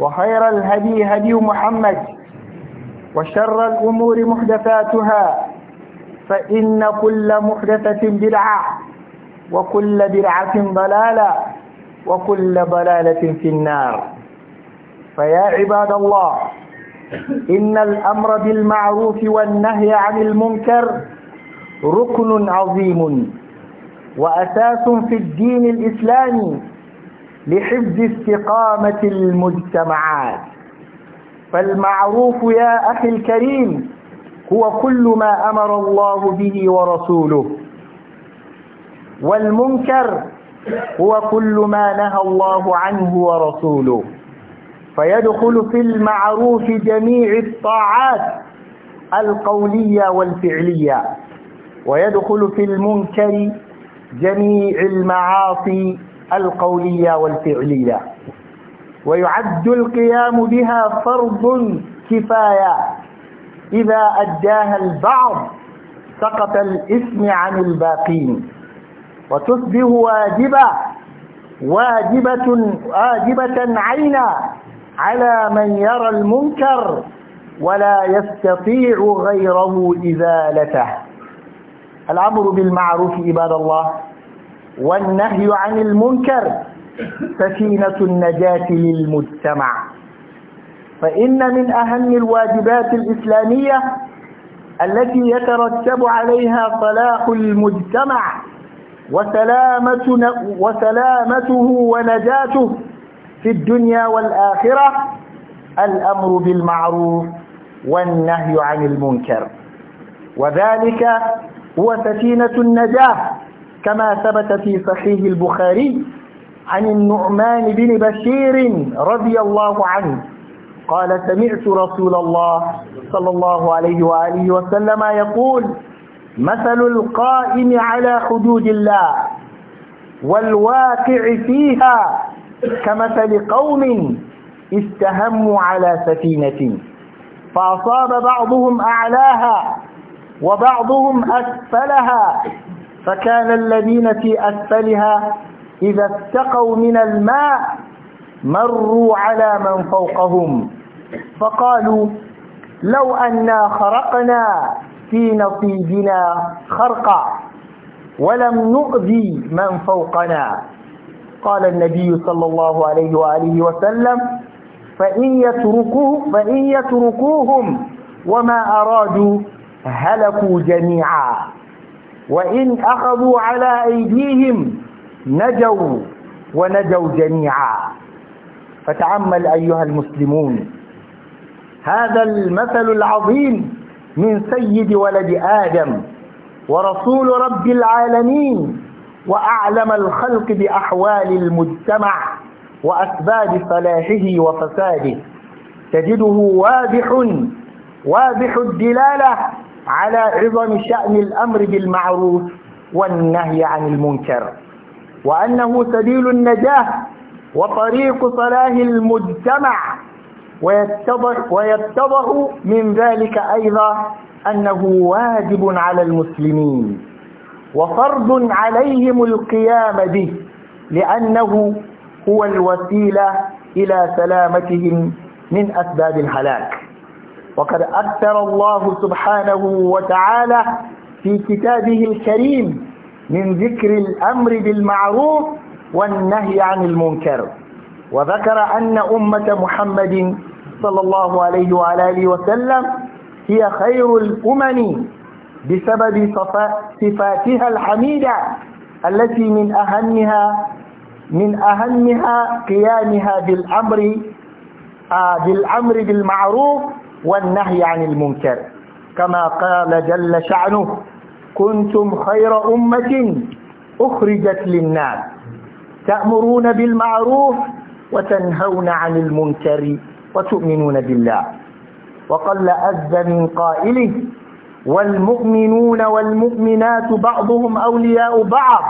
وخير الهدي هدي محمد وشر الأمور محدثاتها فإن كل محدثة بدعة وكل بدعة ضلالة وكل ضلالة في النار فيا عباد الله إن الأمر بالمعروف والنهي عن المنكر ركن عظيم وأساس في الدين الإسلامي لحفظ استقامة المجتمعات فالمعروف يا أخي الكريم هو كل ما أمر الله به ورسوله والمنكر هو كل ما نهى الله عنه ورسوله فيدخل في المعروف جميع الطاعات القولية والفعلية ويدخل في المنكر جميع المعاصي القولية والفعلية ويعد القيام بها فرض كفاية إذا أداها البعض سقط الإثم عن الباقين وتصبح واجبة واجبة واجبة عينا على من يرى المنكر ولا يستطيع غيره إزالته الأمر بالمعروف عباد الله والنهي عن المنكر سفينة النجاة للمجتمع فإن من أهم الواجبات الإسلامية التي يترتب عليها صلاح المجتمع وسلامة وسلامته ونجاته في الدنيا والآخرة الأمر بالمعروف والنهي عن المنكر وذلك هو سفينة النجاة كما ثبت في صحيح البخاري عن النعمان بن بشير رضي الله عنه قال سمعت رسول الله صلى الله عليه وآله وسلم يقول مثل القائم على حدود الله والواقع فيها كمثل قوم استهموا على سفينة فأصاب بعضهم أعلاها وبعضهم أسفلها فكان الذين في أسفلها إذا استقوا من الماء مروا على من فوقهم فقالوا لو أنا خرقنا في نصيبنا خرقا ولم نؤذي من فوقنا قال النبي صلى الله عليه وآله وسلم فإن, يتركوه فإن يتركوهم وما أرادوا هلكوا جميعا وإن أخذوا على أيديهم نجوا ونجوا جميعا فتعمل أيها المسلمون هذا المثل العظيم من سيد ولد آدم ورسول رب العالمين وأعلم الخلق بأحوال المجتمع وأسباب صلاحه وفساده تجده واضح واضح الدلالة على عظم شأن الأمر بالمعروف والنهي عن المنكر وأنه سبيل النجاة وطريق صلاح المجتمع ويتضح, ويتضح من ذلك أيضا أنه واجب على المسلمين وفرض عليهم القيام به لأنه هو الوسيلة إلى سلامتهم من أسباب الهلاك وقد أكثر الله سبحانه وتعالى في كتابه الكريم من ذكر الأمر بالمعروف والنهي عن المنكر وذكر أن أمة محمد صلى الله عليه وعلى آله وسلم هي خير الأمم بسبب صفاتها الحميدة التي من أهمها من أهمها قيامها بالأمر آه، بالأمر بالمعروف والنهي عن المنكر كما قال جل شعنه كنتم خير أمة أخرجت للناس تأمرون بالمعروف وتنهون عن المنكر وتؤمنون بالله وقل أز من قائله والمؤمنون والمؤمنات بعضهم أولياء بعض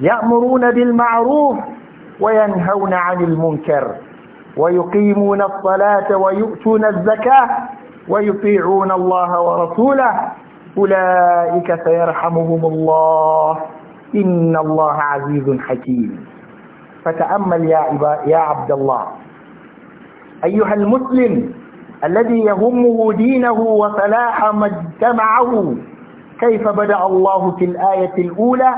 يأمرون بالمعروف وينهون عن المنكر ويقيمون الصلاة ويؤتون الزكاة ويطيعون الله ورسوله أولئك سيرحمهم الله إن الله عزيز حكيم فتأمل يا, يا عبد الله أيها المسلم الذي يهمه دينه وصلاح مجتمعه كيف بدأ الله في الآية الأولى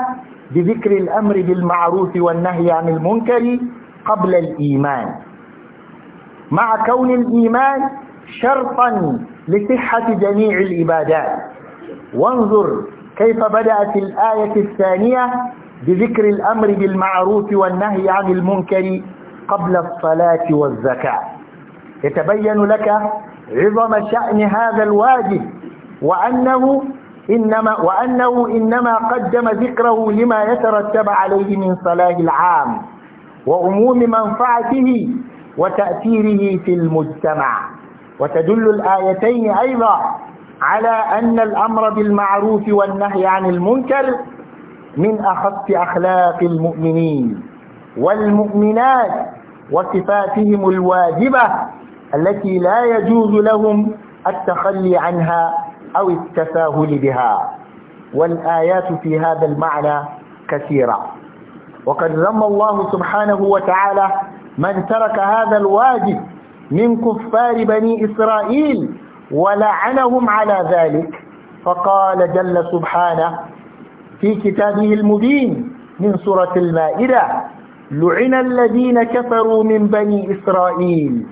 بذكر الأمر بالمعروف والنهي عن المنكر قبل الإيمان مع كون الإيمان شرطا لصحة جميع العبادات وانظر كيف بدأت الآية الثانية بذكر الأمر بالمعروف والنهي عن المنكر قبل الصلاة والزكاة يتبين لك عظم شأن هذا الواجب وأنه إنما, وأنه إنما قدم ذكره لما يترتب عليه من صلاة العام وعموم منفعته وتأثيره في المجتمع وتدل الآيتين أيضا على أن الأمر بالمعروف والنهي عن المنكر من أخص أخلاق المؤمنين والمؤمنات وصفاتهم الواجبة التي لا يجوز لهم التخلي عنها أو التساهل بها والآيات في هذا المعنى كثيرة وقد ذم الله سبحانه وتعالى من ترك هذا الواجب من كفار بني إسرائيل ولعنهم على ذلك فقال جل سبحانه في كتابه المبين من سورة المائدة لعن الذين كفروا من بني إسرائيل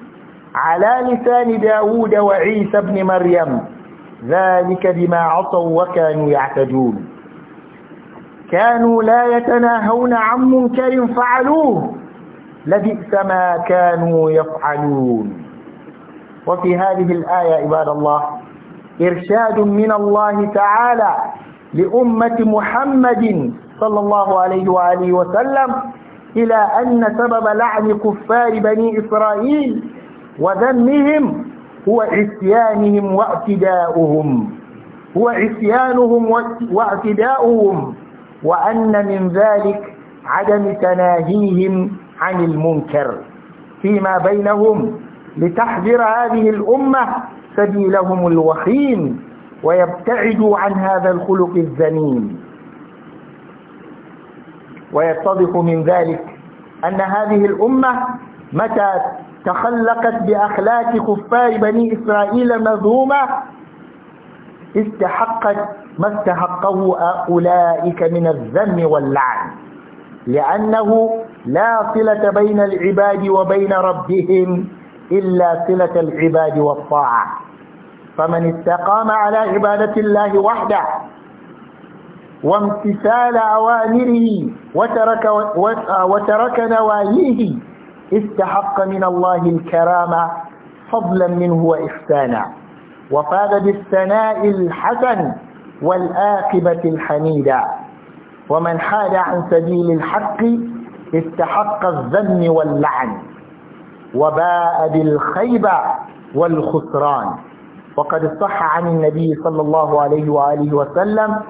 على لسان داود وعيسى بن مريم ذلك بما عصوا وكانوا يعتدون كانوا لا يتناهون عن منكر فعلوه لبئس ما كانوا يفعلون وفي هذه الآية عباد الله إرشاد من الله تعالى لأمة محمد صلى الله عليه وآله وسلم إلى أن سبب لعن كفار بني إسرائيل وذمهم هو عصيانهم واعتداؤهم هو عصيانهم واعتداؤهم وأن من ذلك عدم تناهيهم عن المنكر فيما بينهم لتحذر هذه الأمة سبيلهم الوخيم ويبتعدوا عن هذا الخلق الذميم ويتضح من ذلك أن هذه الأمة متى تخلقت بأخلاق كفار بني إسرائيل مذمومة استحقت ما استحقه أولئك من الذم واللعن لأنه لا صلة بين العباد وبين ربهم إلا صلة العباد والطاعة فمن استقام على عبادة الله وحده وامتثال أوامره وترك, وترك نواهيه استحق من الله الكرامة فضلا منه وإحسانا وفاز بالثناء الحسن والآقبة الحميدة ومن حاد عن سبيل الحق استحق الذم واللعن وباء بالخيبة والخسران وقد صح عن النبي صلى الله عليه وآله وسلم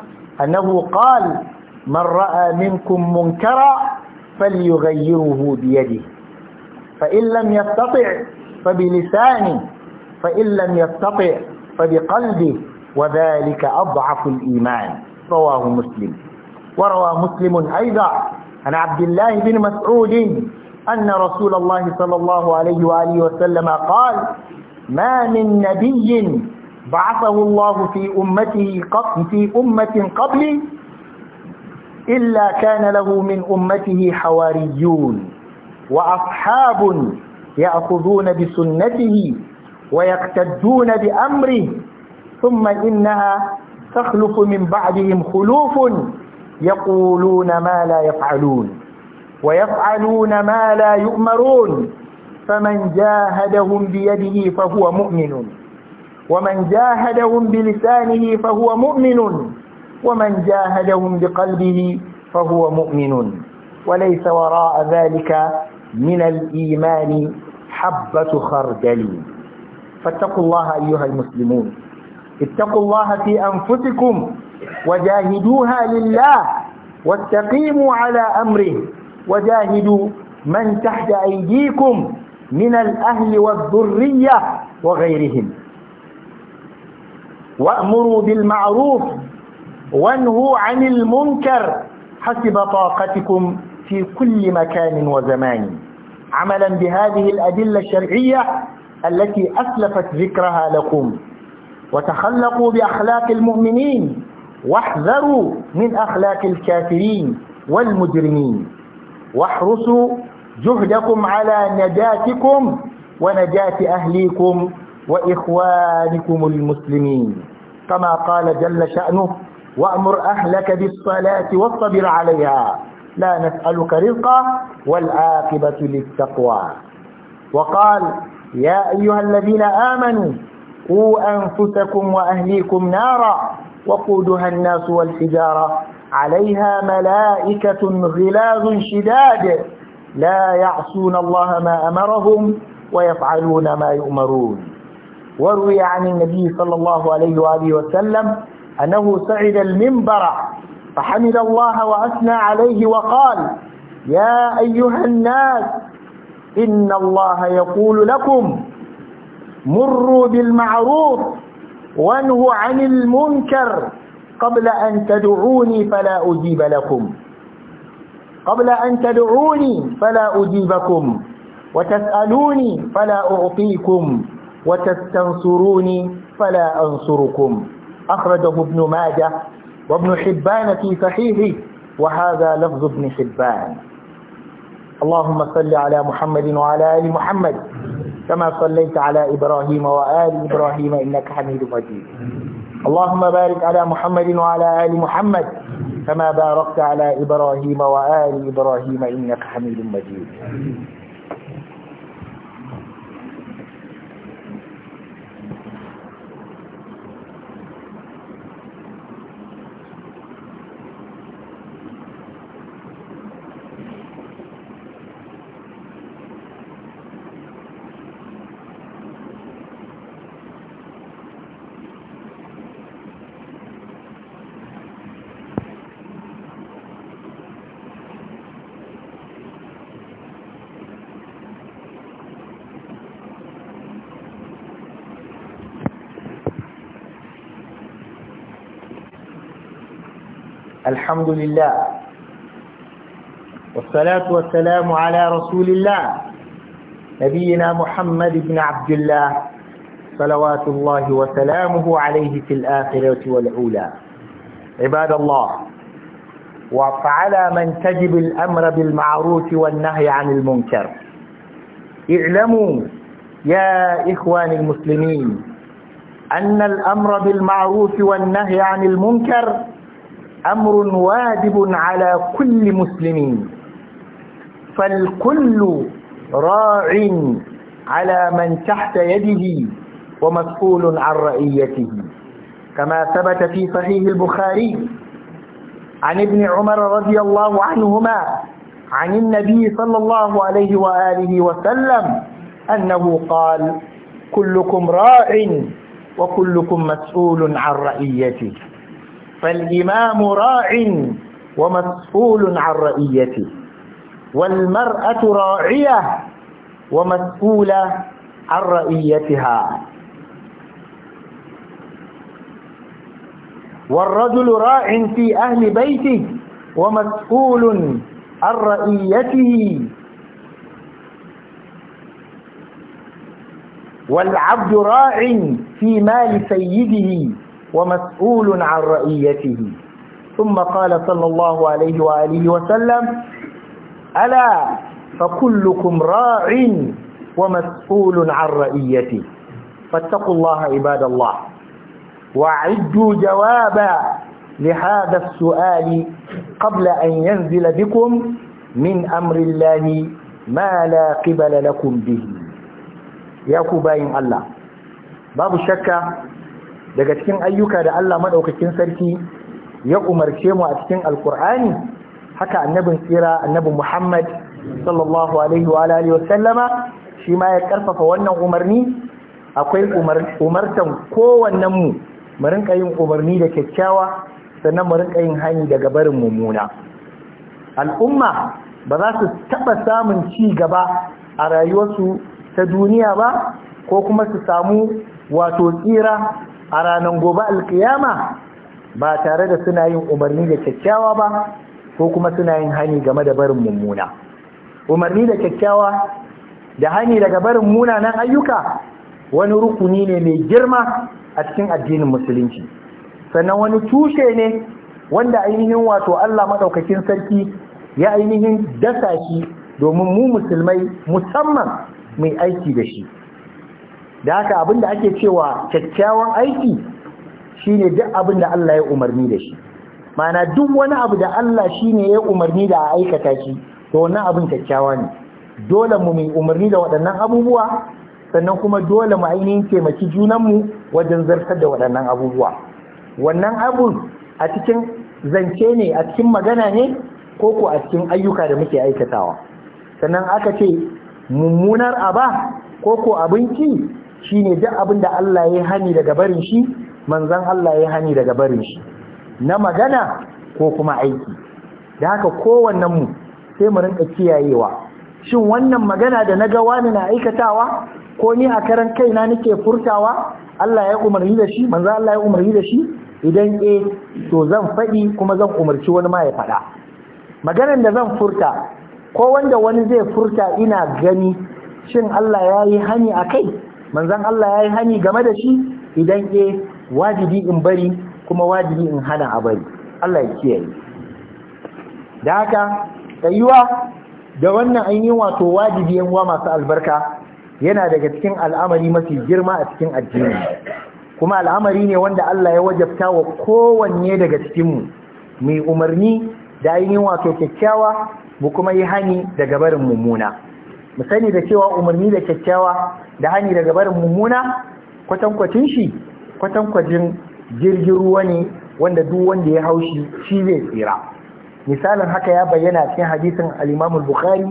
أنه قال من رأى منكم منكرا فليغيره بيده فإن لم يستطع فبلسانه فإن لم يستطع فبقلبه وذلك أضعف الإيمان رواه مسلم وروى مسلم أيضا عن عبد الله بن مسعود أن رسول الله صلى الله عليه وآله وسلم قال ما من نبي بعثه الله في أمته في أمة قبلي إلا كان له من أمته حواريون وأصحاب يأخذون بسنته ويقتدون بأمره ثم إنها تخلف من بعدهم خلوف يقولون ما لا يفعلون ويفعلون ما لا يؤمرون فمن جاهدهم بيده فهو مؤمن ومن جاهدهم بلسانه فهو مؤمن ومن جاهدهم بقلبه فهو مؤمن وليس وراء ذلك من الإيمان حبة خردل فاتقوا الله أيها المسلمون اتقوا الله في أنفسكم وجاهدوها لله واستقيموا على أمره وجاهدوا من تحت أيديكم من الأهل والذرية وغيرهم وأمروا بالمعروف وانهوا عن المنكر حسب طاقتكم في كل مكان وزمان عملا بهذه الأدلة الشرعية التي أسلفت ذكرها لكم وتخلقوا بأخلاق المؤمنين واحذروا من أخلاق الكافرين والمجرمين واحرصوا جهدكم على نجاتكم ونجاة أهليكم وإخوانكم المسلمين كما قال جل شأنه وأمر أهلك بالصلاة واصطبر عليها لا نسألك رزقا والعاقبة للتقوى وقال يا أيها الذين آمنوا قوا أنفسكم وأهليكم نارا وقودها الناس والحجارة عليها ملائكة غلاظ شداد لا يعصون الله ما أمرهم ويفعلون ما يؤمرون وروي عن النبي صلى الله عليه وآله وسلم أنه سعد المنبر فحمد الله وأثنى عليه وقال يا أيها الناس إن الله يقول لكم مروا بالمعروف وانهوا عن المنكر قبل أن تدعوني فلا أجيب لكم قبل أن تدعوني فلا أجيبكم وتسألوني فلا أعطيكم وتستنصروني فلا أنصركم أخرجه ابن ماجه وابن حبان في صحيحه وهذا لفظ ابن حبان اللهم صل على محمد وعلى آل محمد كما صليت على إبراهيم وآل إبراهيم إنك حميد مجيد اللهم بارك على محمد وعلى آل محمد كما باركت على إبراهيم وآل إبراهيم إنك حميد مجيد الحمد لله والصلاة والسلام على رسول الله نبينا محمد بن عبد الله صلوات الله وسلامه عليه في الآخرة والأولى عباد الله وفعل من تجب الأمر بالمعروف والنهي عن المنكر اعلموا يا إخوان المسلمين أن الأمر بالمعروف والنهي عن المنكر أمر واجب على كل مسلم فالكل راع على من تحت يده ومسؤول عن رعيته كما ثبت في صحيح البخاري عن ابن عمر رضي الله عنهما عن النبي صلى الله عليه وآله وسلم أنه قال كلكم راع وكلكم مسؤول عن رعيته فالإمام راع ومسؤول عن رعيته والمرأة راعية ومسؤولة عن رعيتها والرجل راع في أهل بيته ومسؤول عن رعيته والعبد راع في مال سيده ومسؤول عن رأيته ثم قال صلى الله عليه وآله وسلم ألا فكلكم راع ومسؤول عن رأيته فاتقوا الله عباد الله وعدوا جوابا لهذا السؤال قبل أن ينزل بكم من أمر الله ما لا قبل لكم به يا كوباين الله باب الشكة daga cikin ayyuka da Allah maɗaukakin sarki ya umarce mu a cikin alkur'ani haka annabin tsira annabin muhammad sallallahu alaihi wa alihi wasallama shi ma ya karfafa wannan umarni akwai umartan kowannen mu mu rinka yin umarni da kyakkyawa sannan mu rinka yin hani daga barin mummuna al'umma ba za su taɓa samun ci gaba a rayuwarsu ta duniya ba ko kuma su samu wato tsira a ranar gobe alkiyama ba tare da suna yin umarni da kyakkyawa ba ko kuma suna yin hani game da barin mummuna umarni da kyakkyawa da hani daga barin munanan ayyuka wani rukuni ne mai girma a cikin addinin musulunci sannan wani tushe ne wanda ainihin wato Allah maɗaukakin sarki ya ainihin dasa shi domin mu musulmai musamman mai aiki da shi da haka abin da ake cewa kyakkyawan aiki shine duk abin da Allah ya umarni da shi mana duk wani abu da Allah shine ya umarni da a aikata shi to wannan abin kyakkyawa ne dole mu mai umarni da waɗannan abubuwa sannan kuma dole mu ainihin taimaki mu wajen zartar da waɗannan abubuwa wannan abu a cikin zance ne a cikin magana ne ko ko a cikin ayyuka da muke aikatawa sannan aka ce mummunar aba ko ko abinci Shi ne duk abin da Allah ya hani daga barin shi manzan Allah ya hani daga barin shi na magana ko kuma aiki da haka kowannen mu sai mu rinka kiyayewa shin wannan magana da na ga wani na aikatawa ko ni a karan kaina nake furtawa Allah ya umarni da shi manzan Allah ya umarni da shi idan eh to zan faɗi kuma zan umarci wani ma ya faɗa maganar da zan furta ko wanda wani zai furta ina gani shin Allah ya yi hani a kai manzon Allah ya yi hani game da shi idan ke eh, wajibi in bari kuma wajibi in hana a bari Allah ya kiyaye da haka tsayuwa da wannan ainihin wato wajibi yan masu albarka yana daga cikin al'amari mafi girma a cikin addini kuma al'amari ne wanda Allah ya wajabta wa kowanne daga cikinmu mai umarni da ainihin wato kyakkyawa mu kuma yi hani daga barin mummuna mu sani da cewa umarni da kyakkyawa da hani daga barin mummuna kwatankwacin shi kwatankwacin jirgin ruwa ne wanda duk wanda ya haushi shi zai tsira misalin haka ya bayyana cikin hadisin al-Imam al-Bukhari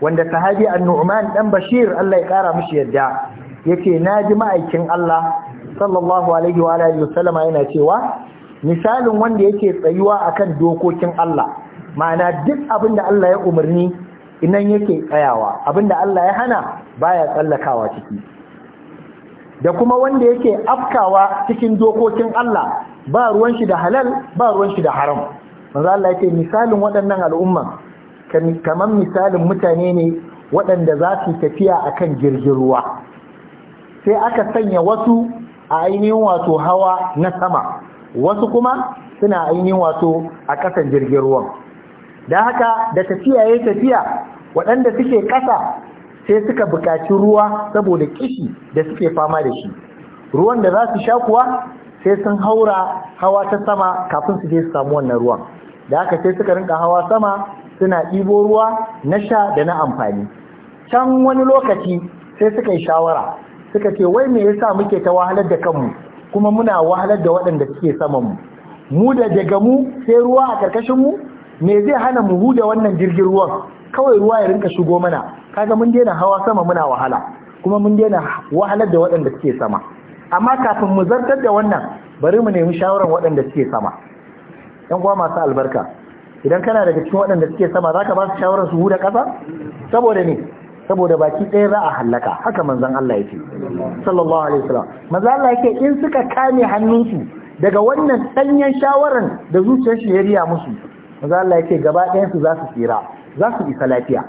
wanda sahabi an-Nu'man dan Bashir Allah ya kara mishi yadda yace naji ma'aikin Allah sallallahu alaihi wa alihi wasallama yana cewa misalin wanda yake tsayuwa akan dokokin Allah ma'ana duk abin da Allah ya umarni inan yake tsayawa abinda Allah ya hana baya tsallakawa ciki da kuma wanda yake afkawa cikin dokokin Allah ba ruwan shi da halal ba ruwan shi da haram manzo Allah yake misalin waɗannan al'umma kaman misalin mutane ne waɗanda za su tafiya akan jirgin ruwa sai aka sanya wasu a ainihin wato hawa na sama wasu kuma suna ainihin wato a ƙasan jirgin ruwan da haka da tafiya ya tafiya waɗanda suke ƙasa sai suka buƙaci ruwa saboda ƙishi da suke fama da shi ruwan da za su sha kuwa sai sun haura hawa ta sama kafin su je su samu wannan ruwan da haka sai suka rinka hawa sama suna ɗibo ruwa na sha da na amfani can wani lokaci sai suka yi shawara suka ce wai me yasa muke ta wahalar da kanmu kuma muna wahalar da waɗanda suke saman mu mu da daga mu sai ruwa a ƙarƙashin mu me zai hana mu huda wannan jirgin ruwan kawai ruwa ya rinka shigo mana kaga mun daina hawa sama muna wahala kuma mun daina wahalar da waɗanda suke sama amma kafin mu zartar da wannan bari mu nemi shawaran waɗanda suke sama Ƴan kuwa masu albarka idan kana daga cikin waɗanda suke sama zaka ba su shawaran su huda ƙasa saboda ne saboda baki ɗaya za a hallaka haka manzon Allah yake sallallahu alaihi wasallam manzon Allah yake in suka kame hannunsu daga wannan sanyan shawaran da zuciyar shi ya riya musu maza Allah ya ce gaba ɗayansu za su tsira za su isa lafiya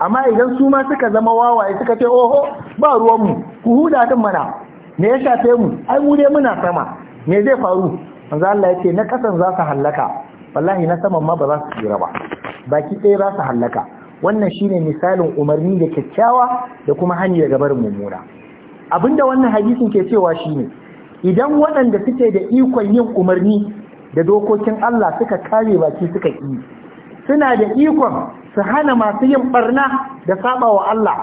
amma idan su ma suka zama wawaye suka ce oho ba ruwanmu ku huda tun mana me ya shafe mu ai mu ne muna sama me zai faru manzo Allah ya ce na kasan za su hallaka wallahi na saman ma ba za su tsira ba baki ɗaya za su hallaka wannan shine misalin umarni da kyakkyawa da kuma hanyar gabar mummuna abinda wannan hadisin ke cewa shine idan waɗanda suke da ikon yin umarni da dokokin Allah suka kare baki suka yi suna da ikon su hana masu yin barna da saba wa Allah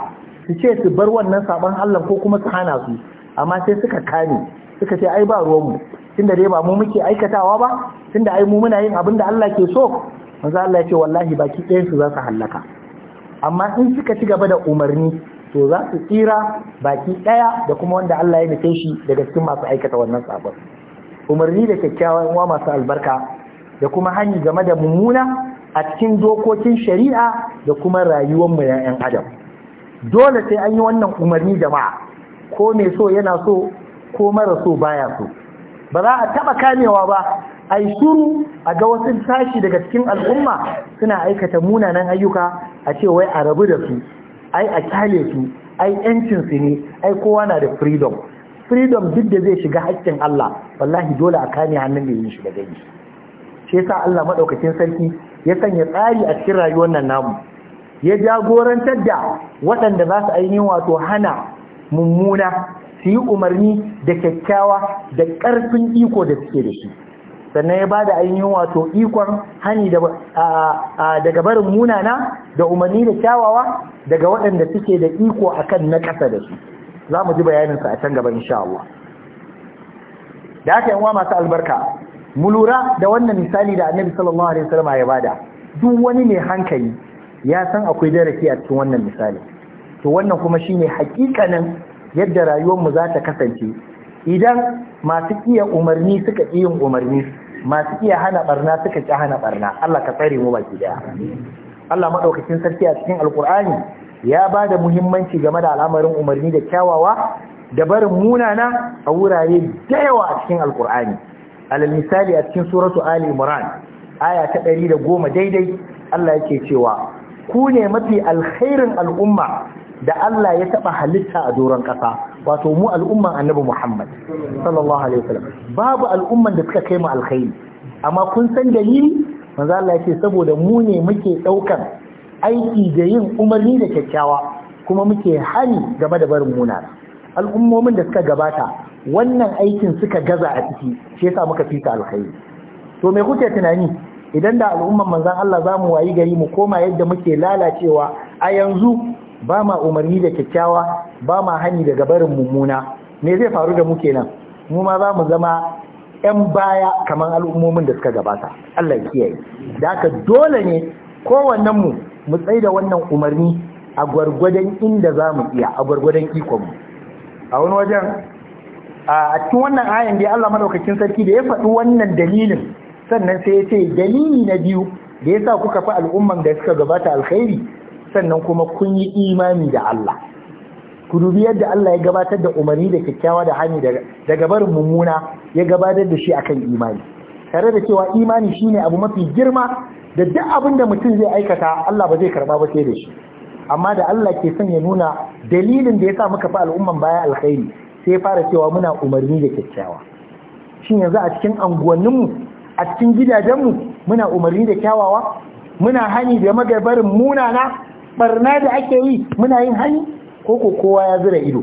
su ce su bar wannan saban Allah ko kuma su hana su amma sai suka kare suka ce ai ba mu tunda dai ba mu muke aikatawa ba tunda ai mu muna yin abin da Allah ke so manzo Allah ya ce wallahi baki ɗayan su za su hallaka amma in suka ci gaba da umarni to za su tsira baki ɗaya da kuma wanda Allah ya nufe shi daga cikin masu aikata wannan sabon umarni da kyakkyawan uwa masu albarka da kuma hanyi game da mummuna a cikin dokokin shari'a da kuma rayuwar mu yan adam dole sai an yi wannan umarni jama'a ko mai so yana so ko mara so baya so ba za a taba kamewa ba a yi shuru a ga wasu tashi daga cikin al'umma suna aikata munanan ayyuka a ce wai a rabu da su ai a kyale su ai yancin su ne ai kowa na da freedom freedom duk da zai shiga haƙƙin Allah wallahi dole a kame hannun da yin shi da gani shi yasa Allah madaukakin sarki ya sanya tsari a cikin rayuwar nan namu ya jagorantar da waɗanda za su ainihin wato hana mummuna su yi umarni da kyakkyawa da ƙarfin iko da suke da shi sannan ya bada ainihin wato ikon hani daga barin munana da umarni da kyawawa daga waɗanda suke da iko akan na ƙasa da su za mu ji bayaninsa a can gaba insha Allah da aka yanwa masu albarka mu lura da wannan misali da annabi sallallahu alaihi wasallam ya bada duk wani mai hankali ya san akwai darasi a cikin wannan misali to wannan kuma shine hakikanin yadda rayuwar mu za ta kasance idan masu iya umarni suka iya umarni masu iya hana barna suka ki hana barna Allah ka tsare mu baki daya Allah maɗaukacin sarki a cikin alkur'ani ya ba da muhimmanci game da al'amarin umarni da kyawawa da barin munana a wurare da yawa a cikin alkur'ani alal misali a cikin suratu ali imran aya ta ɗari da goma daidai Allah yake cewa ku ne mafi alkhairin al'umma da Allah ya taɓa halitta a doron ƙasa, wato mu al'umman annabi Muhammad sallallahu alaihi wasallam babu al'umman da suka kai mu alkhairi amma kun san dalili manzo Allah ya ce saboda mu ne muke daukan aiki da yin umarni da kyakkyawa kuma muke hani game da barin munana al'ummomin da suka gabata wannan aikin suka gaza a ciki shi yasa muka fita alkhairi to me kuke tunani idan da al'umman manzon Allah zamu wayi gari mu koma yadda muke lalacewa a yanzu ba ma umarni da kyakkyawa ba ma hani daga barin mummuna me zai faru da mu kenan mu ma za mu zama 'yan baya kamar al'ummomin da suka gabata Allah ya kiyaye da aka dole ne kowannen mu mu tsaye da wannan umarni a gwargwadon inda za mu iya a gwargwadon ikon mu a wani wajen a cikin wannan ayan da Allah maɗaukakin sarki da ya faɗi wannan dalilin sannan sai ya ce dalili na biyu da sa kuka fi al'umman da suka gabata alkhairi sannan kuma kun yi imani da Allah ku dubi yadda Allah ya gabatar da umarni da kyakkyawa da hani daga barin mummuna ya gabatar da shi akan imani tare da cewa imani shine abu mafi girma da duk abin da mutum zai aikata Allah ba zai karba ba sai da shi amma da Allah ke son ya nuna dalilin da ya sa muka fi al'umman baya alkhairi sai ya fara cewa muna umarni da kyakkyawa shin yanzu a cikin anguwanninmu a cikin gidajenmu muna umarni da kyawawa muna hani da magabarin munana barna da ake yi muna yin hani ko ko kowa ya zira ido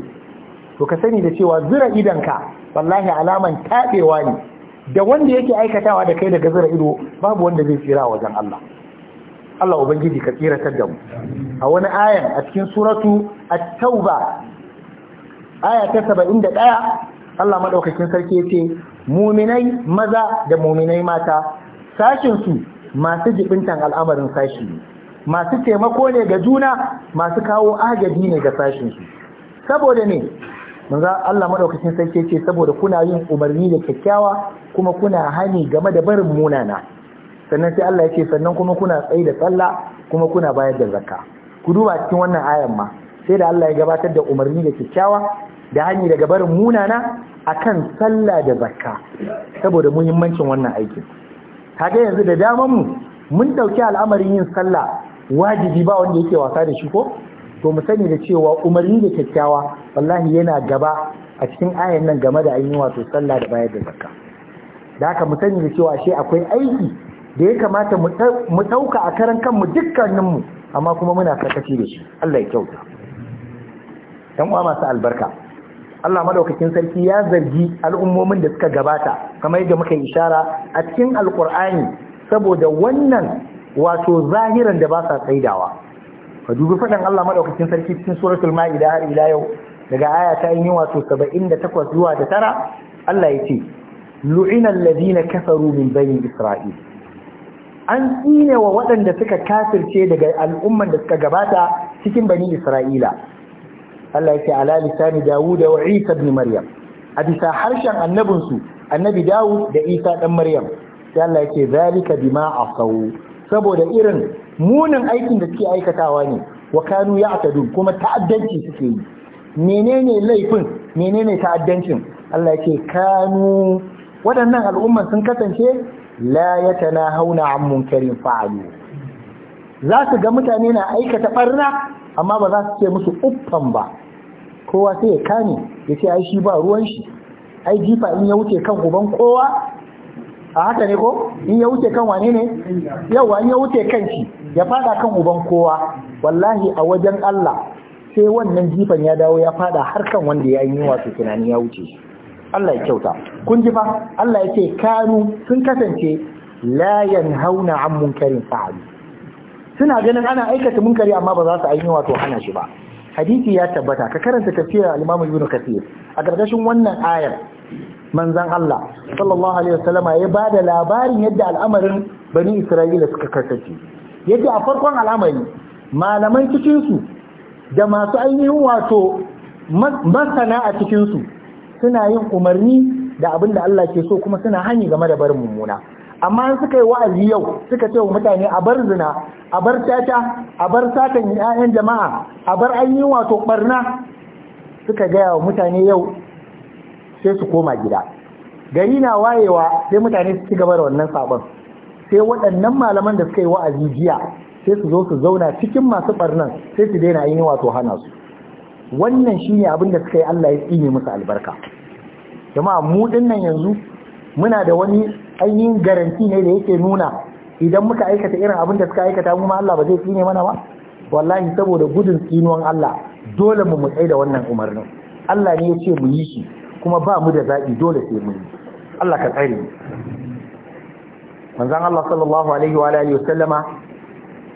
to ka sani da cewa zira ka wallahi alaman taɓewa ne da wanda yake aikatawa da kai daga zira ido babu wanda zai tsira wajen Allah Allah ubangiji ka tsiratar da mu a wani ayan a cikin suratu at-tauba aya ta 71 Allah madaukakin sarki yace muminai maza da muminai mata sashin su masu jibintan al'amarin sashi ne masu taimako ne ga juna masu kawo agaji ne ga sashin su saboda ne manzo Allah madaukakin sarki ce saboda kuna yin umarni da kyakkyawa kuma kuna hani game da barin munana sannan sai Allah ya ce sannan kuma kuna tsayi da sallah kuma kuna bayar da zakka ku duba cikin wannan ayan ma sai da Allah ya gabatar da umarni da kyakkyawa da hani daga barin munana akan sallah da zakka saboda muhimmancin wannan aikin kaga yanzu da daman mu mun dauki al'amarin yin sallah wajibi ba wanda yake wasa da shi ko to mu sani da cewa umarni da kyakkyawa wallahi yana gaba a cikin ayan nan game da ainihin wato sallah da bayar da zakka da haka mu sani da cewa shi akwai aiki da ya kamata mu ɗauka a karan kanmu dukkaninmu amma kuma muna sakaci da shi Allah ya kyauta Dan uwa masu albarka Allah madaukakin sarki ya zargi al'ummomin da suka gabata kamar yadda muka yi ishara a cikin alkur'ani saboda wannan wato zahiran da ba sa tsaidawa ka dubi faɗin Allah madaukakin sarki cikin suratul ma'ida har ila yau daga aya ta yin wato 78 zuwa da tara Allah ya ce lu'ina alladhina kafaru min bani isra'il an tsine wa waɗanda suka kafirce daga al'umman da suka gabata cikin bani isra'ila Allah ya ce ala lisani dawud wa isa ibn maryam a bisa harshen annabinsu annabi dawud da isa ɗan maryam sai Allah ya ce zalika bima asaw saboda irin munin aikin da suke aikatawa ne wa kanu ya atadu kuma ta'addanci suke yi menene laifin menene ta'addancin Allah ya ce kanu waɗannan al'umman sun kasance la hauna an munkarin fa'alu za su ga mutane na aikata barna amma ba za su ce musu uffan ba kowa sai ya kane ya ce ai shi ba ruwan shi ai jifa in ya wuce kan uban kowa a haka ne ko in ya wuce kan wane ne Yau wani ya wuce kan shi ya fada kan uban kowa wallahi a wajen Allah sai wannan jifan ya dawo ya fada har kan wanda ya yi wato tunani ya wuce Allah ya kyauta kun ji fa Allah ya ce kanu sun kasance la yanhauna an munkarin fa'ali suna ganin ana aikata munkari amma ba za su yi wato hana shi ba hadisi ya tabbata ka karanta tafsirin al-Imam Ibn Kathir a gargashin wannan ayar manzan Allah sallallahu alaihi wasallama ya bada labarin yadda al'amarin bani Isra'ila suka kasance yadda a farkon al'amari malaman cikin su da masu ainihin wato masana a cikin su suna yin umarni da abin da Allah ke so kuma suna hanyi game da barin mummuna amma an suka yi wa'azi yau suka ce wa mutane a bar zina a bar tata a bar satan 'ya'yan jama'a a bar ainihin wato barna suka gaya wa mutane yau sai su koma gida gari na wayewa sai mutane su ci gaba da wannan sabon sai waɗannan malaman da suka yi wa'azi jiya sai su zo su zauna cikin masu ɓarnan sai su daina yin wato hana su wannan shine abin da suka yi Allah ya tsine musu albarka jama'a mu dinnan yanzu muna da wani ainihin garanti ne da yake nuna idan muka aikata irin abin da suka aikata mu ma Allah ba zai tsine mana ba wallahi saboda gudun tsinuwan Allah dole mu mutsai da wannan umarnin Allah ne ya ce mu yi shi kuma ba mu da zaɓi dole sai mun yi Allah ka tsare manzon Allah sallallahu alaihi wa alihi wasallama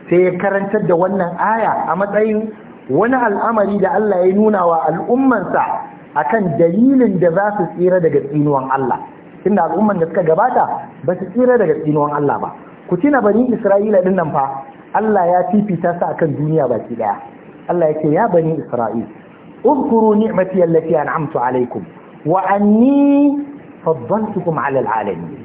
sai ya karantar da wannan aya a matsayin wani al'amari da Allah ya nuna wa al'ummansa akan dalilin da za su tsira daga tsinuwan Allah tunda al'umman da suka gabata ba su tsira daga tsinuwan Allah ba ku tuna bani Isra'ila din nan fa Allah ya fifita su akan duniya baki daya Allah yake ya bani Isra'il uzkuru ni'mati allati an'amtu alaikum Wa'anni anni faddaltukum ala alami.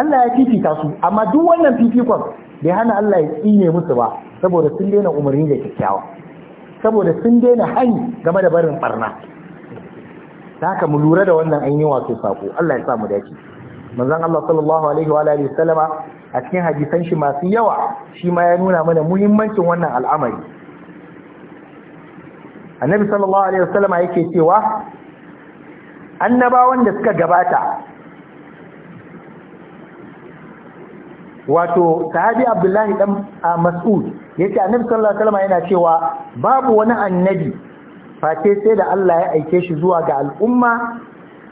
Allah ya fifita su amma duk wannan fifikon bai hana Allah ya tsine musu ba saboda sun daina umarni da kyakkyawa saboda sun daina hani game da barin barna ta haka mu lura da wannan ainihin wato sako Allah ya sa dace manzon Allah sallallahu alaihi wa alihi a cikin hadisan shi masu yawa shi ma ya nuna mana muhimmancin wannan al'amari annabi sallallahu alaihi yake cewa annabawan da suka gabata wato sahabi abdullahi dan mas'ud yace annabi sallallahu alaihi wasallam yana cewa babu wani annabi face sai da Allah ya aike shi zuwa ga al'umma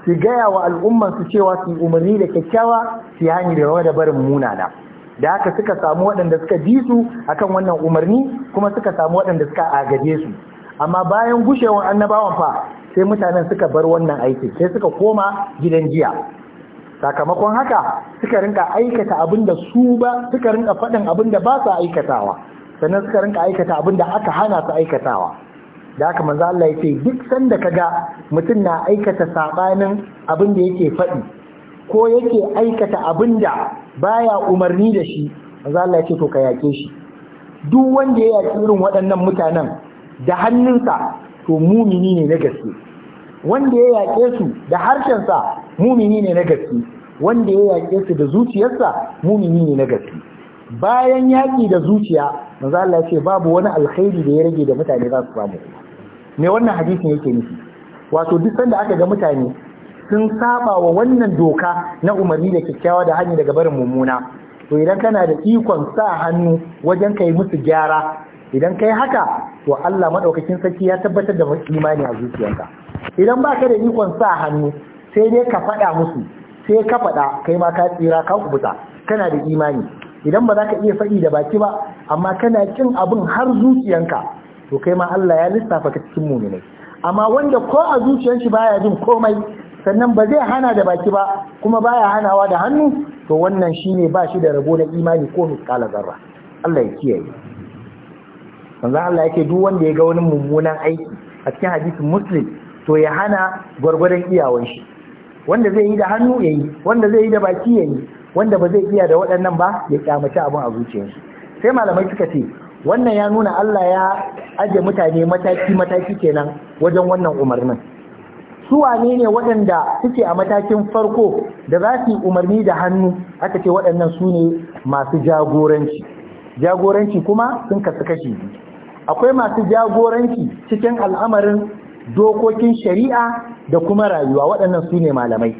su gaya wa al'umman su cewa su umarni da kyakkyawa su hani da rawa da barin munana da haka suka samu waɗanda suka ji su akan wannan umarni kuma suka samu waɗanda suka agaje su amma bayan gushewar annabawan fa sai mutanen suka bar wannan aiki sai suka koma gidan jiya sakamakon haka suka rinka aikata abin da su ba suka rinka faɗin abin da ba su aikatawa sannan suka rinka aikata abin da aka hana su aikatawa da aka manzo Allah ya ce duk sanda ka ga mutum na aikata saɓanin abin da yake faɗi ko yake aikata abin da baya umarni da shi manzo Allah ya ce to ka yake shi duk wanda ya yaki irin waɗannan mutanen da hannunsa to mumini ne na gaske wanda ya yaƙe su da harshensa mumini ne na gaske wanda ya yaƙe su da zuciyarsa mumini ne na gaske bayan yaƙi da zuciya manzo Allah ya ce babu wani alkhairi da ya rage da mutane za su samu me wannan hadisin yake nufi wato duk sanda aka ga mutane sun saba wa wannan doka na umarni da kyakkyawa da hanyar daga barin mummuna to idan kana da ikon sa hannu wajen kai musu gyara idan kai haka to Allah madaukakin sarki ya tabbatar da imani a zuciyarka idan baka da ikon sa hannu sai dai ka faɗa musu sai ka faɗa kai ma ka tsira ka kubuta kana da imani idan ba za ka iya faɗi da baki ba amma kana kin abin har zuciyanka to kai ma Allah ya lissafa ka cikin muminai amma wanda ko a zuciyar shi baya jin komai sannan ba zai hana da baki ba kuma baya hanawa da hannu to wannan shine ba shi da rabo na imani ko misqala zarra Allah ya kiyaye manzon Allah yake duk wanda ya ga wani mummunan aiki a cikin hadisin muslim to ya hana gwargwadon iyawan shi wanda zai yi da hannu ya yi wanda zai yi da baki ya yi wanda ba zai iya da waɗannan ba ya kyamaci abin a zuciyarsu sai malamai suka ce wannan ya nuna Allah ya ajiye mutane mataki mataki kenan wajen wannan umarnin su wane ne waɗanda suke a matakin farko da za su yi umarni da hannu aka ce waɗannan su ne masu jagoranci jagoranci kuma sun kasu kashi biyu akwai masu jagoranci cikin al'amarin dokokin shari'a da kuma rayuwa waɗannan su ne malamai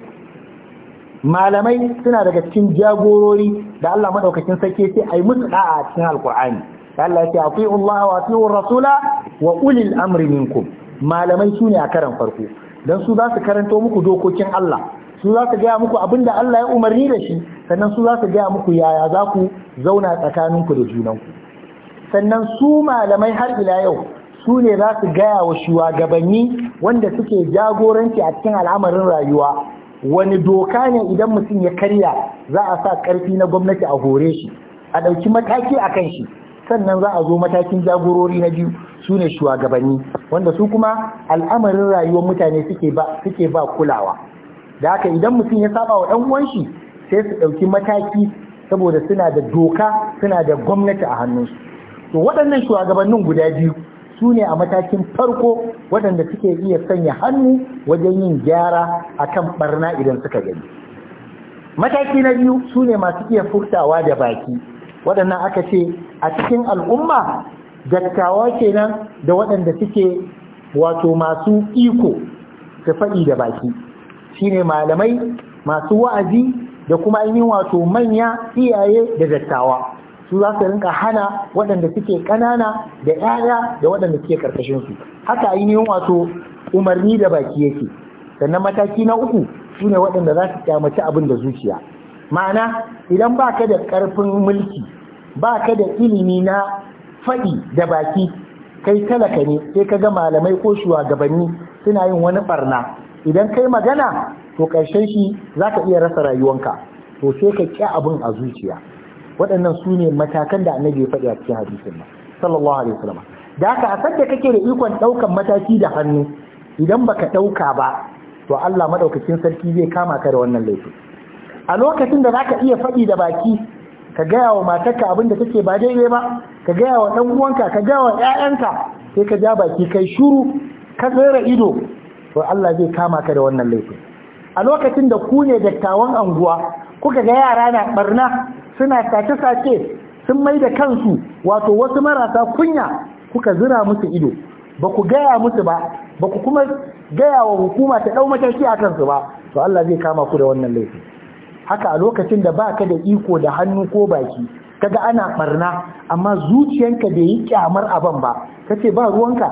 malamai suna daga cikin jagorori da Allah maɗaukacin sarki sai ai musu a cikin Alƙur'ani. Allah ya ce Allah wa rasula wa ulil amri minkum malamai su ne a karan farko dan su za su karanto muku dokokin Allah su za su gaya muku abinda Allah ya umarni da shi sannan su za su gaya muku yaya za ku zauna tsakaninku da junanku sannan su malamai har ila yau su ne za su gaya wa shugabanni wanda suke jagoranci a cikin al'amarin rayuwa wani doka ne idan mutum ya karya za a sa karfi na gwamnati a hore shi a ɗauki mataki a kan shi sannan za a zo matakin jagorori na biyu su ne shugabanni wanda su kuma al'amarin rayuwar mutane suke ba kulawa da haka idan mutum ya saba wa ɗan uwan shi sai su ɗauki mataki saboda suna da doka suna da gwamnati a hannunsu to waɗannan shugabannin guda biyu su ne a matakin farko waɗanda suke iya sanya hannu wajen yin gyara a kan ɓarna idan suka gani mataki na biyu su ne masu iya furtawa da baki waɗannan aka ce a cikin al'umma dattawa kenan da waɗanda suke wato masu iko su faɗi da baki shine malamai masu wa'azi da kuma ainihin wato manya iyaye da dattawa su za su rinka hana waɗanda suke ƙanana da 'ya'ya da waɗanda suke karkashin su haka ne wato umarni da baki yake sannan mataki na uku su ne waɗanda za su kyamaci abin da zuciya ma'ana idan ba ka da ƙarfin mulki ba ka da ilimi na faɗi da baki kai talaka ne sai ka ga malamai ko shugabanni suna yin wani barna idan kai magana to ƙarshen shi za ka iya rasa rayuwanka to sai ka ƙi abin a zuciya waɗannan su ne matakan da annabi ya faɗi a cikin hadisin nan sallallahu alaihi wasallam da haka a sadda kake da ikon ɗaukan mataki da hannu idan baka ɗauka ba to Allah madaukakin sarki zai kama ka da wannan laifi a lokacin da zaka iya faɗi da baki ka gaya wa matarka abin da take ba daidai ba ka gaya wa ɗan uwanka ka gaya wa ƴaƴanka sai ka ja baki kai shuru ka tsere ido to Allah zai kama ka da wannan laifin a lokacin da ku ne dattawan anguwa kuka ga yara na barna suna sace-sace sun mai da kansu wato wasu marasa kunya kuka zira musu ido ba ku gaya musu ba ba ku kuma gaya wa hukuma ta ɗau mataki a kansu ba to Allah zai kama ku da wannan laifi haka a lokacin da baka da iko da hannu ko baki kaga ana barna amma zuciyanka bai yi kyamar abin ba kace ba ruwanka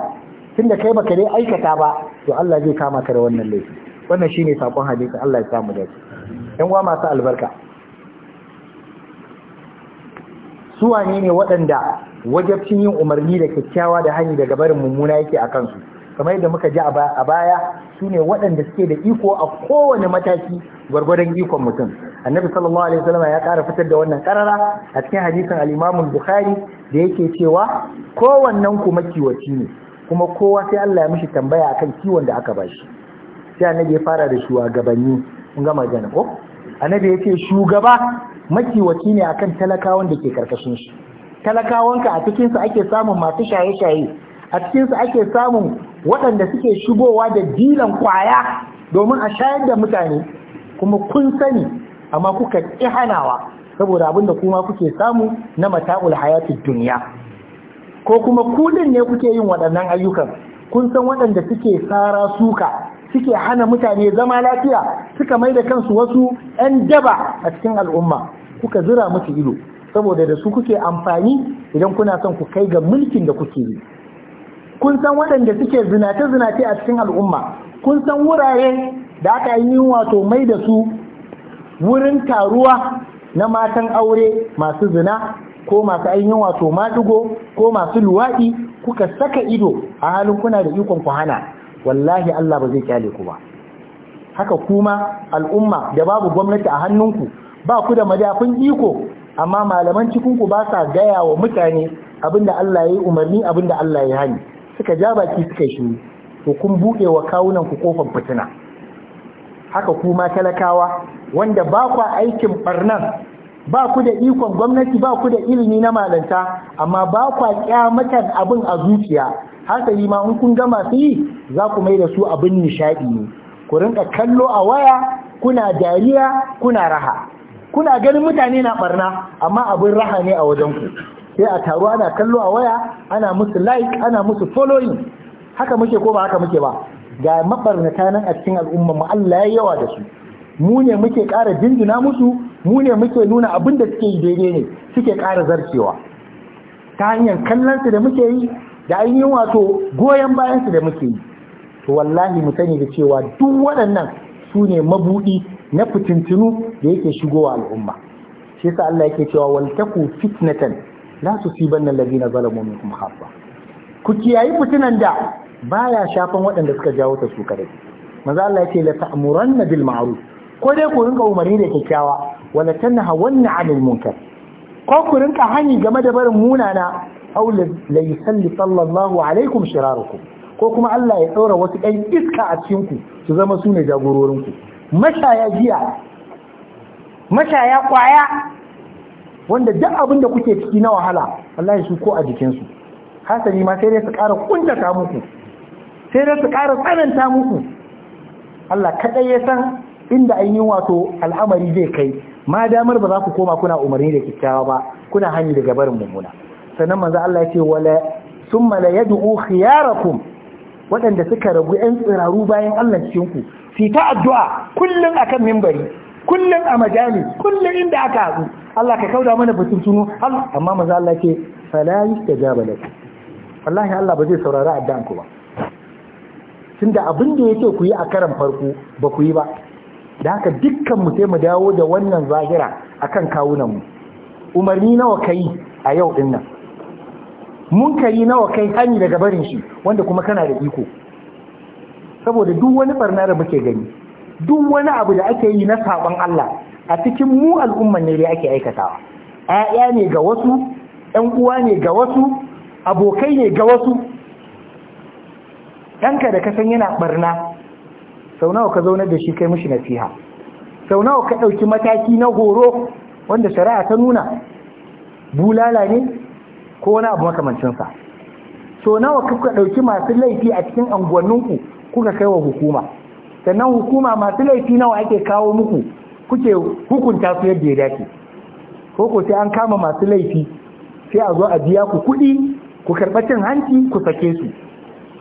tunda kai baka dai aikata ba to Allah zai kama ka da wannan laifi wannan shine sakon hadisi Allah ya samu dace yan uwa masu albarka su wane ne waɗanda wajabcin yin umarni da kyakkyawa da hani daga barin mummuna yake a kansu kamar yadda muka ji a baya su ne waɗanda suke da iko a kowane mataki gwargwadon ikon mutum annabi sallallahu alaihi wasallam ya ƙara fitar da wannan karara a cikin hadisin al-imamu bukhari da yake cewa kowannen ku makiwaci ne kuma kowa sai Allah ya mishi tambaya akan kiwon da aka bashi sai annabi ya fara da shugabanni kun ga magana ko annabi ya ce shugaba makiwaci ne akan talakawan da ke karkashin shi talakawanka a cikin su ake samun masu shaye-shaye a cikin su ake samun waɗanda suke shigowa da dilan kwaya domin a shayar da mutane kuma kun sani amma kuka ƙi hanawa saboda abin da kuma kuke samu na mata'ul hayati duniya ko kuma kudin ne kuke yin waɗannan ayyukan kun san waɗanda suke tsara suka suke hana mutane zama lafiya suka mai da kansu wasu 'yan daba a cikin al'umma kuka zira musu ido saboda da su kuke amfani idan kuna son ku kai ga mulkin da kuke yi kun san waɗanda suke zinace-zinace a cikin al'umma kun san wurare da aka yi wato mai da su wurin taruwa na matan aure masu zina ko masu ainihin wato madugo ko masu luwaɗi kuka saka ido a halin kuna da ikon ku hana wallahi Allah ba zai kyale ku ba haka kuma al'umma da babu gwamnati a hannunku ba ku da madafin iko amma malaman cikin ku ba sa gaya wa mutane abinda Allah ya yi umarni da Allah ya hani suka ja baki suka shiru to kun buɗe wa kawunan ku kofar fitina haka kuma talakawa wanda ba ku aikin barnan ba ku da ikon gwamnati ba ku da ilimi na malanta amma ba ku kyamatar abin a zuciya yi ma in kun gama su yi za ku mai da su abin nishaɗi ne ku rinka kallo a waya kuna dariya kuna raha kuna ganin mutane na barna amma abin raha ne a wajen ku sai a taru ana kallo a waya ana musu like ana musu following haka muke ko ba haka muke ba ga mabarnata nan a cikin al'umma mu Allah ya yawa da su mu ne muke ƙara jinjina musu mu ne muke nuna abin da suke yi daidai ne suke ƙara zarcewa ta hanyar kallon su da muke yi da ainihin wato goyon bayan su da muke yi to wallahi mu sani da cewa duk waɗannan su ne mabuɗi na fitintinu da yake shigowa al'umma shi yasa Allah yake cewa wal taku fitnatan la tusibanna alladhina zalamu minkum khaffa ku kiyayi fitinan da baya shafan waɗanda suka jawo ta su kadai manzo Allah yake la ta'muranna bil ma'ruf ko dai ku rinka umarni da kyakkyawa wala tanhawanna 'anil munkar ko ku rinka hani game da barin munana aw la yusalli sallallahu alaikum shirarukum ko kuma Allah ya tsora wasu ɗan iska a cikin ku su zama su ne jagororinku mashaya jiya mashaya kwaya wanda duk abin da kuke ciki na wahala wallahi su ko a jikinsu hasali ma sai dai su ƙara kuntata muku sai dai su ƙara tsananta muku Allah kaɗai ya san inda yi wato al'amari zai kai ma damar ba za ku koma kuna umarni da kyakkyawa ba kuna hani daga barin mummuna sannan manzo Allah ya ce wala summa la yad'u khiyarakum waɗanda suka rabu ‘yan tsiraru bayan Allah cikinku, fi ta addu'a kullum a kan mimbari, kullum a majami, kullum inda aka haɗu, Allah ka kauda mana batun suno, amma maza Allah ke falayi da jabalai. Wallahi Allah ba zai saurari addan ba. Tun da abin da ya ce ku yi a karan farko ba ku yi ba. Da haka dukkan mu sai mu dawo da wannan zahira akan kawunanmu. kawunanmu. Umarni nawa ka yi a yau ɗin munkari nawa kai hanyi daga barin shi wanda kuma kana da iko saboda duk wani barna da muke gani duk wani abu da ake yi na saban Allah a cikin mu al'umman ne dai ake aikatawa ƴaƴa ne ga wasu ƴan uwa ne ga wasu abokai ne ga wasu ɗanka da ka san yana barna sau nawa ka zaunar da shi kai mishi nasiha sau nawa ka ɗauki mataki na horo wanda shari'a ta nuna bulala ne ko wani abu makamancinsa so nawa kuka ɗauki masu laifi a cikin anguwanninku kuka kai wa hukuma sannan hukuma masu laifi nawa ake kawo muku kuke hukunta su yadda ya dace ko ko sai an kama masu laifi sai a zo a biya ku kuɗi ku karɓa cin hanci ku sake su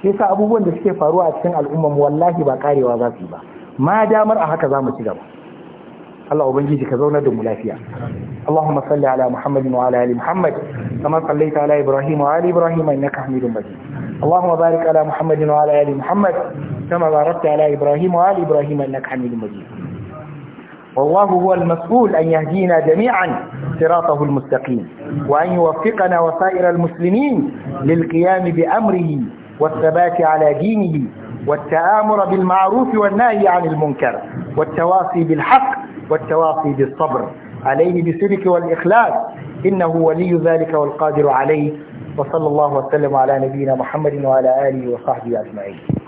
sai sa abubuwan da suke faruwa a cikin al'ummar wallahi ba karewa za su yi ba ma damar a haka za mu ci gaba Allah ubangiji ka zauna da mu lafiya Allahumma salli ala Muhammadin wa ala ali Muhammad kama sallaita ala Ibrahim wa ali Ibrahim اللهم بارك على محمد وعلى ال محمد كما باركت على ابراهيم وال ابراهيم انك حميد مجيد والله هو المسؤول أن يهدينا جميعا صراطه المستقيم وأن يوفقنا وسائر المسلمين للقيام بأمره والثبات على دينه والتآمر بالمعروف والنهي عن المنكر والتواصي بالحق والتواصي بالصبر عليه بسلك والإخلاص إنه ولي ذلك والقادر عليه وصلى الله وسلم على نبينا محمد وعلى آله وصحبه أجمعين